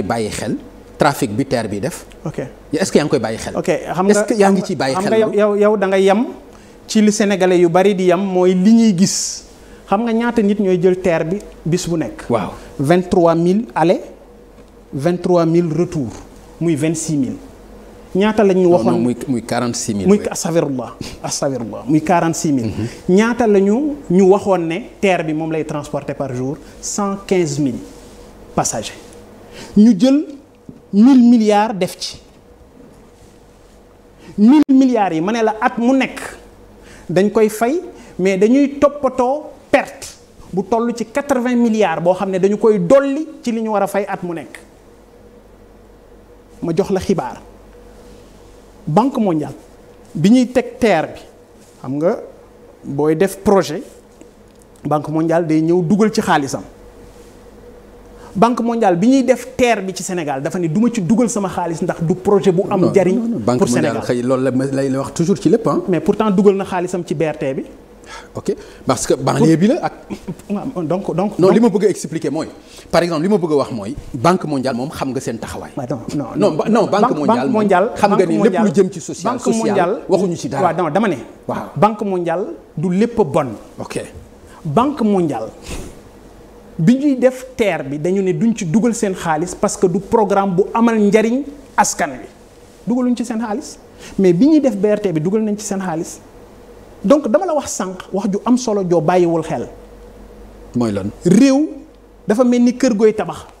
bàyyi xel trafic bi TER bi def. ok est-ce que yaa ngi koy bàyyi xel. xam nga est yaa ngi ciy bàyyi xel. yow yow da nga yem ci lu sénégalais yu bari di yem mooy li ñuy gis xam nga ñaata nit ñooy jël TER bi bis bu nekk. waaw 23000 aller 23000 retour muy 26000. ñaata la ñu waxoon muy muy 46000. muy astafirullah astafirullah muy 46000. Mhm. ñaata la ñu ñu waxoon ne TER bi moom lay transporter par jour 115000 passagers. ñu jël mille milliards def ci mille milliards yi ma ne la at mu nekk dañ koy fay mais dañuy toppatoo perte bu toll ci quatre-vingts milliards boo xam ne dañu koy dolli ci li ñu war a fay at mu nekk ma jox la xibaar banque mondiale bi ñuy teg terre bi xam nga booy def projet banque mondiale day ñëw dugal ci xaalisam. banque mondiale bi ñuy def terre bi ci Sénégal dafa ne du ma ci dugal sama xaalis ndax du projet bu am njariñ pour Sénégal banque mondiale xëy loolu lay wax toujours ci lépp mais pourtant dugal na xaalisam ci BRT bi. ok parce que banlieue bi la ak. donc donc non li ma bëgg a expliquer mooy par exemple li ma bëgg a wax mooy. banque mondiale moom xam nga seen taxawaay. non non non non banque mondiale banque mondiale xam nga ni lépp lu jëm ci social. social waxuñu ci dara waaw dama ne. waaw banque mondiale du lépp bon. banque mondiale. bi ñuy def TER bi dañu ne duñ ci dugal seen xaalis parce que du programme bu amal njariñ askan wi dugaluñ ci seen xaalis mais bi ñuy def berte bi dugal nañ ci seen xaalis donc dama la wax sànq wax ju am solo joo bàyyiwul xel. mooy lan réew dafa mel ni kër gooy tabax